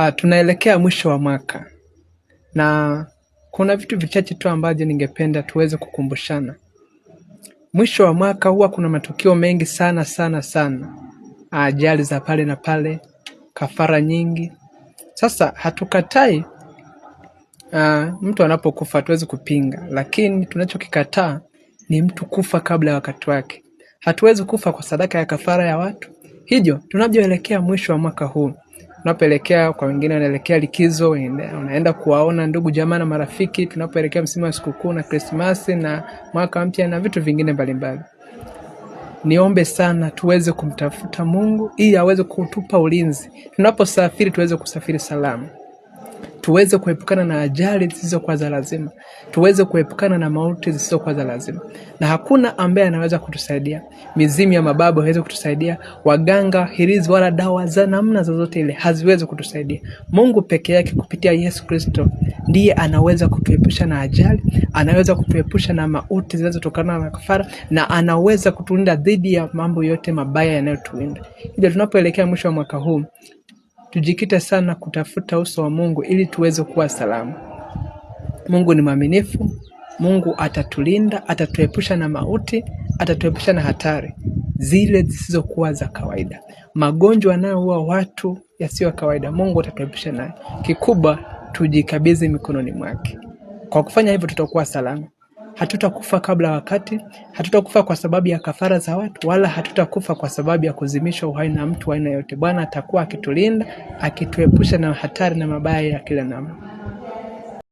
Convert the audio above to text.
Uh, tunaelekea mwisho wa mwaka na kuna vitu vichache tu ambavyo ningependa tuweze kukumbushana. Mwisho wa mwaka huwa kuna matukio mengi sana sana sana, ah, ajali za pale na pale, kafara nyingi. Sasa hatukatai uh, mtu anapokufa hatuwezi kupinga, lakini tunachokikataa ni mtu kufa kabla ya wakati wake. Hatuwezi kufa kwa sadaka ya kafara ya watu. Hivyo tunavyoelekea mwisho wa mwaka huu tunapoelekea kwa wengine wanaelekea likizo, unaenda kuwaona ndugu jamaa na marafiki, tunapoelekea msimu wa sikukuu na Krismasi na mwaka mpya na vitu vingine mbalimbali. Niombe sana tuweze kumtafuta Mungu ili aweze kutupa ulinzi, tunaposafiri tuweze kusafiri salama tuweze kuepukana na ajali zisizokuwa za lazima, tuweze kuepukana na mauti zisizokuwa za lazima. Na hakuna ambaye anaweza kutusaidia, mizimu ya mababu haiwezi kutusaidia, waganga hirizi, wala dawa za namna zozote ile haziwezi kutusaidia. Mungu peke yake kupitia Yesu Kristo ndiye anaweza kutuepusha na ajali, anaweza kutuepusha na mauti zinazotokana na kafara, na anaweza kutulinda dhidi ya mambo yote mabaya yanayotuinda. Hivyo tunapoelekea mwisho wa mwaka huu Tujikite sana kutafuta uso wa Mungu ili tuweze kuwa salama. Mungu ni mwaminifu. Mungu atatulinda, atatuepusha na mauti, atatuepusha na hatari zile zisizokuwa za kawaida, magonjwa yanayoua watu yasiyo ya kawaida. Mungu atatuepusha nayo Kikubwa tujikabidhi mikononi mwake. Kwa kufanya hivyo, tutakuwa salama hatutakufa kabla ya wakati, hatutakufa kwa sababu ya kafara za watu, wala hatutakufa kwa sababu ya kuzimishwa uhai na mtu aina yote. Bwana atakuwa akitulinda, akituepusha na hatari na mabaya ya kila namna.